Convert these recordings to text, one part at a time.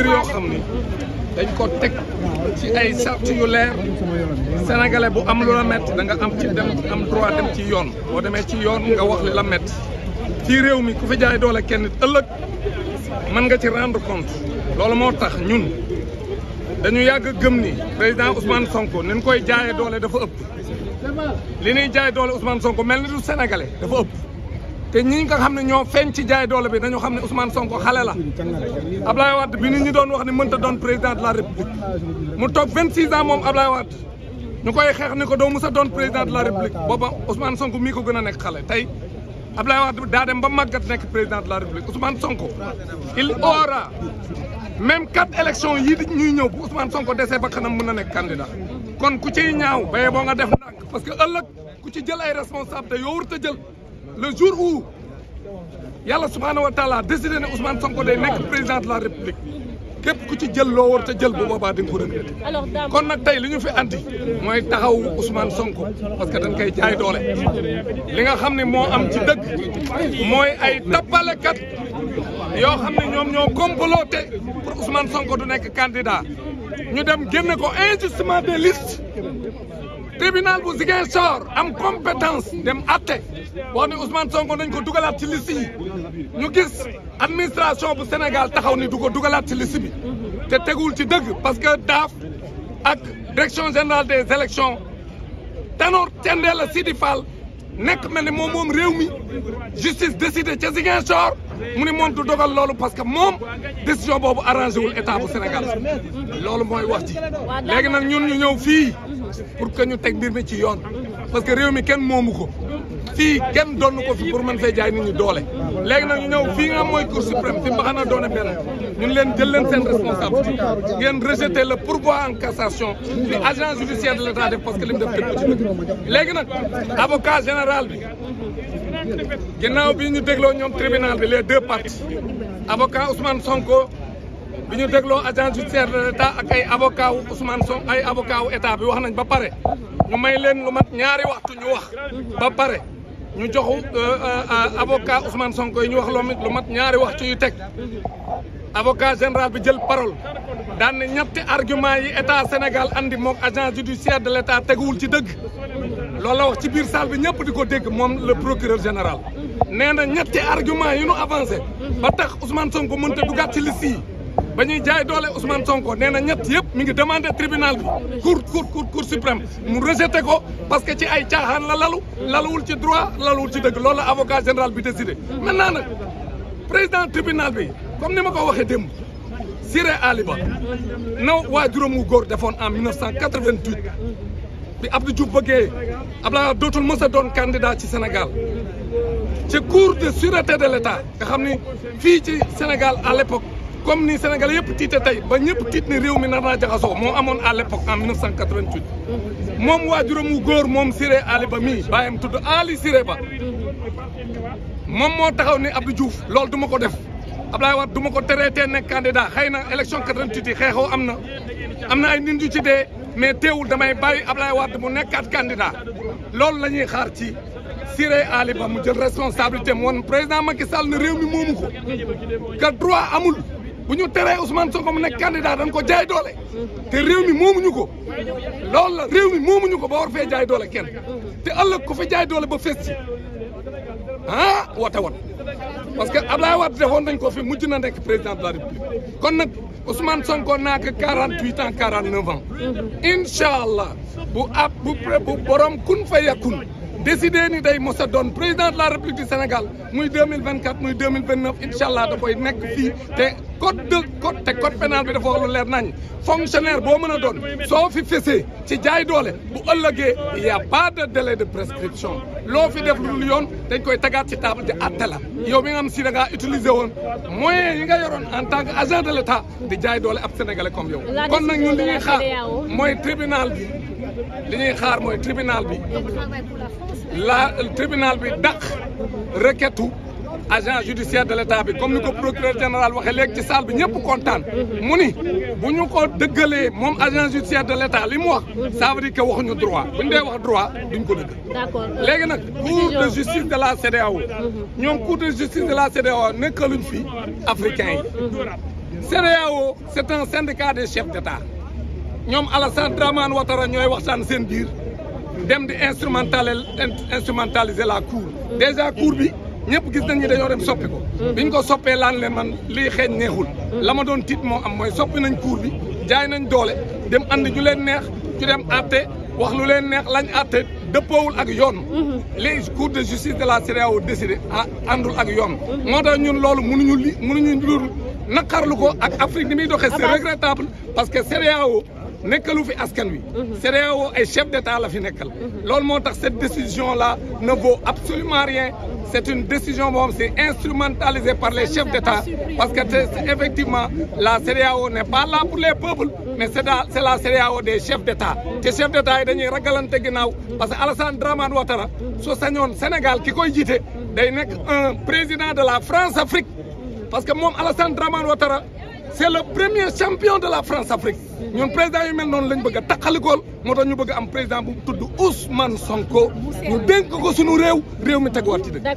mbir yoo xam ni dañ ko teg ci ay sart yu leer sénégalais bu am lu la am ci dem am ci yoon boo demee ci yoon nga ci réew mi ku fi jaay doole kenn nit ëllëg nga ci rendre compte loolu moo tax ñun dañu yàgg gëm ni président Ousmane Sonko ni ñu koy jaayee doole dafa ëpp li ñuy jaay doole Ousmane Sonko mel ni du sénégalais dafa ëpp te ñi nga xam ne ñoo feeñ ci jaay doole bi dañoo xam ne Ousmane Sonko xale la Ablaye Wade bi nit ñi doon wax ne mënta doon président de la république mu toog 26 ans moom Ablaye Wade ñu koy xeex ni ko doo musa doon président de la république booba Ousmane Sonko mii ko gën a nekk xale tey Ablaye Wade daa dem ba màggat nekk président de la république Ousmane Sonko il aura même quatre élections yi di ñuy ñëw bu Ousmane Sonko desee ba kanam mën a nekk candidat kon ku ciy ñaaw baye boo nga def ndànk parce que ëllëg ku ci jël ay responsable te yow warut a jël le jour où yàlla subhaanahu wa taala décidé ne Ousmane Sonko day nekk président de la république képp ku ci jël loo war te jël bu boobaa di nga ko regretté kon nag tey li ñu fi andi mooy taxaw Ousmane Sonko parce que dañ koy jaay doole li nga xam ne moo am ci dëgg mooy ay tappalekat yoo xam ne ñoom ñoo comploté pour Ousmane Sonko du nekk candidat ñu dem génne ko injustement des listes tribunal bu Ziguinchor am compétence dem ate wax ni Ousmane Sonko nañ ko dugalaat ci liste ñu gis administration bu Sénégal taxaw ni du ko dugalaat ci liste bi te tegul ci dëgg parce que DAF ak direction générale des élections Tanor Thiendella Sidi Fall nekk mel ni moom moom réew mi justice décidé ca Ziguinchor mu ni moom du dogal loolu parce que moom décision boobu arrangé wul état bu Sénégal loolu mooy wax ji léegi nag ñun ñu ñëw fii pour que ñu teg mbir mi ci yoon parce que réew mi kenn moomu ko fii kenn doon ko fi pour man fee jaay nit ñi doole léegi nag ñu ñëw fii nga mooy cour suprême fi mbaxana doone benn ñun leen jël leen seen responsabilité ngeen rejeté le pourvoi en cassation li agent judiciaire de l'état def parce que li def dëgg ci dëgg léegi nag avocat général bi ginnaaw bi ñu dégloo ñoom tribunal bi les deux parties avocat Ousmane Sonko bi ñu dégloo agent judiciaire de l'état ak ay avocat wu Ousmane ay avocat état bi wax nañ ba pare ñu may leen lu mat ñaari waxtu ñu wax ba pare ñu joxu euh, euh, euh, avocat Ousmane Sonko yi ñu wax loom lu mat ñaari wax ci yu teg avocat général bi jël parole daan ne ñetti argument yi état Sénégal andi moog agent judiciaire de l' état teguwul ci dëgg loolu la wax ci biir salle bi ñëpp di ko dégg moom le procureur général nee na ñetti argument yi ñu avancé ba tax Ousmane Sonko mënta dugaat ci liste yi ba ñuy jaay doole Ousmane Sonko nee na ñett yëpp mu ngi demande tribunal bi cour cour cour cour suprême mu rejeté ko parce que ci ay caaxaan la lalu laluwul ci droit laluwul ci dëgg loolu la avocat général bi décidé. maintenant nag président tribunal bi comme ni ma ko waxee dem Siré Ali Ba waa juróom wu góor defoon en 1988 bi Abdou Diouf bëggee Abdoulaye dootul mës a doon candidat ci Sénégal. ci cour de sûreté de l'État nga xam ni fii ci Sénégal à l'époque comme ni Sénégal yëpp tiite tey ba ñëpp tiit ni réew mi nar naa jaxasoo moo amoon à l'époque en 1988 moom waajuram wu góor moom Siré Ali Ba mii bàyyam tudd Ali Siré Ba moom moo taxaw ni Abdou Diouf loolu du ma ko def Abdoulaye Wade du ma ko traité nekk candidat xëy na élection 88 yi xeexoo am na am na ay nit ñu ci dee mais teewul damay bàyyi Abdoulaye Wade mu nekkaat candidat loolu la ñuy xaar ci Siré Ali Ba mu jël responsabilité mu woon président Macky Sall ne réew mi moomu ko amul. bu ñu teree Ousmane Sonko mu nekk candidat dañ ko jaay doole te réew mi moomuñu ko loolu la réew mi moomuñu ko ba war fee jaay doole kenn te ëllëg ko fi jaay doole ba fees ci ah woote woon parce que Abdoulaye Wade defoon nañ ko fi mujj na nekk président de la République ko nag Ousmane Sonko naa ko 48 ans 49 ans mhm. incha allah bu ab bu borom kun fa yakun décidé ni day mos a doon président de la république du Sénégal muy 2024 muy 2029 incha allah da koy nekk fii te code de code te code pénal bi dafa wax lu leer nañ fonctionnaire boo mën a doon soo fi fesee ci jaay doole bu ëllëgee il y a pas de délai de prescription loo fi def lu dul yoon dañ koy tagaat ci table di àtte yow mi nga xam si da ngaa utiliser woon moyen yi nga yoroon en tant que agent de l' état di jaay doole ab sénégalais comme yow kon nag ñun li ñuy xaar mooy tribunal bi li ñuy xaar mooy tribunal bi la tribunal bi dàq requêtu agent judiciaire de l' état bi comme ni ko procureur général waxee léegi ci salle bi ñëpp kontaan mu ni bu ñu ko dëggalee moom agent judiciaire de l' li mu wax ça veut dire que waxuñu droit bu ñu dee wax droit duñ ko dëgg. léegi nag cour de justice de la CEDEAO mhm. ñoom cour de justice de la CEDEAO nekkaluñ fi africain yi CEDEAO mhm. c' est un syndicat des chefs d' état. ñoom Alassane Dramane Ouattara ñooy waxtaan seen biir dem di instrumental instrumentaliser la cour déjà cour bi ñëpp gis nañ ñi dañoo dem soppi ko mm. biñ ko soppee laan leen man lii xeeñ neexul mm. la ma doon tiit moo am mooy soppi nañ cour bi jaay nañ doole dem andi ju leen neex ju dem àtte wax lu leen neex lañ àtte dëppoowul ak yoon mm-hmm. les cours de justice de la CEDEAO décidé ah àndul ak yoon mm-hmm. moo tax ñun loolu mënuñu li mënuñu lu naqarlu ko ak Afrique ni muy doxee c'est ah regrettable parce que CEDEAO nekkalu fi askan wi. Mhm. CEDEAO ay chef d'État la fi nekkal. Mhm. loolu moo tax cette décision là ne vaut absolument rien c'est une décision boo xam c'est instrumentalisée par les chefs d'État parce que effectivement la CEDEAO n'est pas là pour les peuples. mais c'est la c'est la CEDEAO des chefs d'État te chefs d'État yi dañuy ragalante ginnaaw parce que Alassane Dramane Ouattara soo sañoon Sénégal ki koy jiite day nekk un président de la France-Afrique parce que moom Alassane Dramane Ouattara. c'est le premier champion de la France-Afrique ñun président yu mel noonu lañ bëgg a taqalikool moo tax ñu bëgg am président bu tudd Ousmane Sonko. ñu dénk ko suñu réew réew mi teguwaat ci dëgg.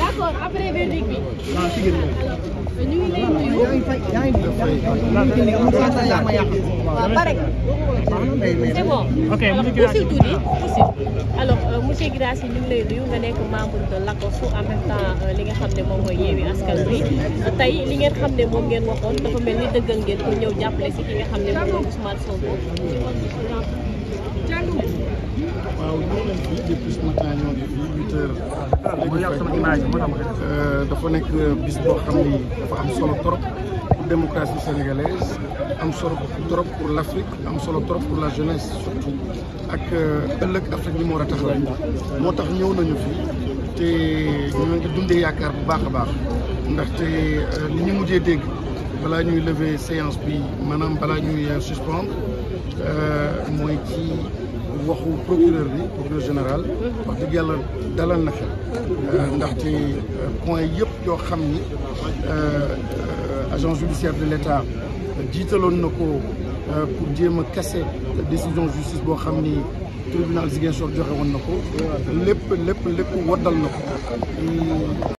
d'accord après verdict bi. ñu ngi lay nuyu. waaw pare. c'est ñu nga nekk membre de LACOS en temps euh, li nga xam ne moom mooy Yewwi Askan Wi tey li ngeen xam ne moom ngeen waxoon dafa mel ni dëggal ngeen pour ñëw jàppale si ki nga xam ne moom mooy Ousmane Sonko. waaw ñoo leen fii depuis ce matin ñoo ngi fii huit heures ah, euh, dafa nekk bis boo xam ni dafa am solo trop pour démocratie am solo trop pour l' am solo trop pour la jeunesse surtout ak euh, ëllëg Afrique bi moo war a taxaw moo tax ñëw nañu fii te ñoo ngi dundee yaakaar bu baax a baax ndaxte li euh, ñu mujjee dégg balaa ñuy lever séance bi maanaam balaa ñuy suspendre mooy ci waxu procureur bi procureur général wax dëgg yàlla dalal na xel euh, ndaxte euh, point yëpp yoo xam ni euh, agent judiciaire de l'État jiitaloon na ko pour jéem a casser décision justice boo xam ni tribunal Ziguinchor joxe woon na ko lépp lépp lépp waddal na